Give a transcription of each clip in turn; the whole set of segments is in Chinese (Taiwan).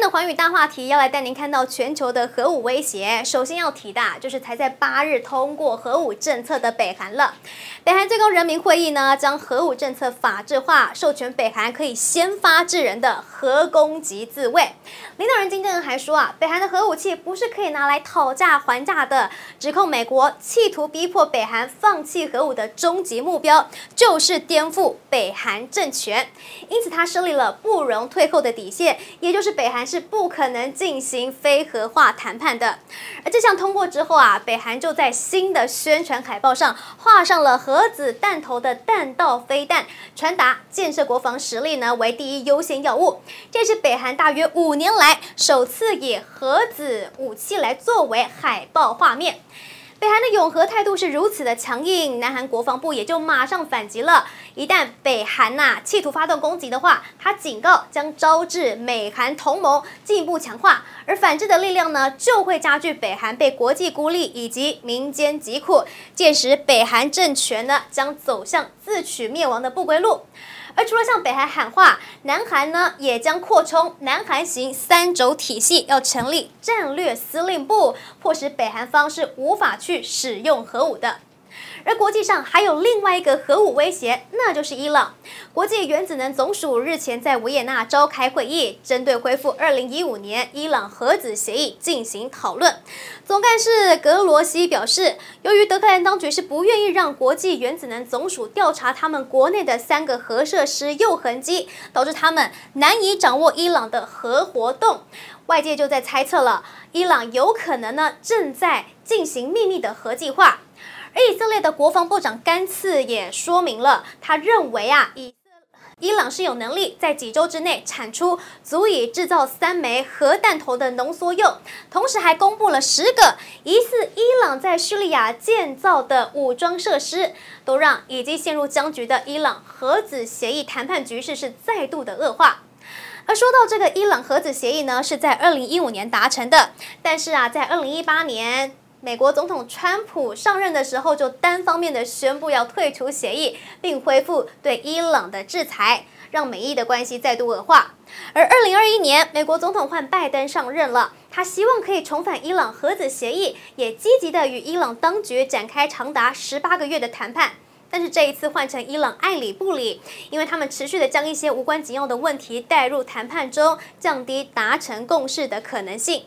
的寰宇大話題要來帶您看到全球的核武威脅。首先要提的啊，就是才在八日通過核武政策的北韓了。北韓最高人民會議呢將核武政策法制化，授權北韓可以先發制人的核攻擊自衛。領導人金正恩還說啊，北韓的核武器不是可以拿來討價還價的，指控美國企圖逼迫北韓放棄核武的終極目標就是顛覆北韓政權。因此他設立了不容退後的底線，也就是北韓。是不可能進行非核化談判的。而這項通過之後啊，北韓就在新的宣傳海報上畫上了核子彈頭的彈道飛彈，傳達建設國防實力呢為第一優先要務。這是北韓大約五年來首次以核子武器來作為海報畫面。北韓的擁核態度是如此的強硬，南韓國防部也就馬上反擊了。一旦北韓吶、啊、企圖發動攻擊的話，他警告將招致美韓同盟進一步強化，而反制的力量呢就會加劇北韓被國際孤立以及民間疾苦。屆時，北韓政權呢將走向自取滅亡的不歸路。而除了向北韓喊話，南韓呢也將擴充南韓型三軸體系，要成立戰略司令部，迫使北韓方是無法去使用核武的。而國際上還有另外一個核武威脅，那就是伊朗。國際原子能總署日前在維也納召開會議，針對恢復2015年伊朗核子協議進行討論。總幹事格羅西表示，由於德黑蘭當局是不願意讓國際原子能總署調查他們國內的三個核設施鈾痕跡，導致他們難以掌握伊朗的核活動。外界就在猜測了，伊朗有可能呢，正在進行祕密的核計劃。而以色列的國防部長甘茨也說明了，他認為啊，以色伊朗是有能力在幾周之內產出足以製造三枚核彈頭的濃縮鈾，同時還公布了十個疑似伊朗在敘利亞建造的武裝設施，都讓已經陷入僵局的伊朗核子協議談判局勢是再度的惡化。而說到這個伊朗核子協議呢，是在二零一五年達成的，但是啊，在二零一八年。美國總統川普上任的時候，就單方面的宣佈要退出協議，並恢復對伊朗的制裁，讓美伊的關係再度惡化。而二零二一年，美國總統換拜登上任了，他希望可以重返伊朗核子協議，也積極地與伊朗當局展開長達十八個月的談判。但是這一次換成伊朗愛理不理，因為他們持續地將一些無關緊要的問題帶入談判中，降低達成共識的可能性。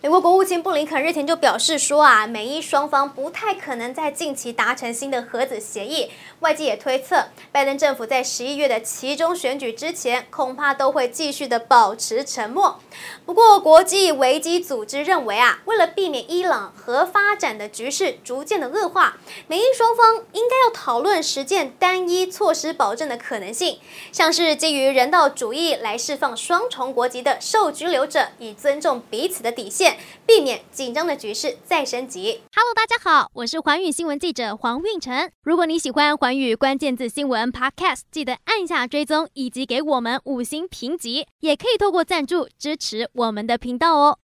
美國國務卿布林肯日前就表示說啊，美伊雙方不太可能在近期達成新的核子協議。外界也推測，拜登政府在十一月的期中選舉之前，恐怕都會繼續的保持沉默。不過，國際危機組織認為啊，為了避免伊朗核發展的局勢逐漸的惡化，美伊雙方應該要討論實踐單一措施保證的可能性，像是基於人道主義來釋放雙重國籍的受拘留者，以尊重彼此的底線。避免緊張的局勢再升級。Hello，大家好，我是寰宇新聞記者黃運成。如果你喜歡寰宇關鍵字新聞 Podcast，記得按下追蹤以及給我們五星評級，也可以透過贊助支持我們的頻道哦。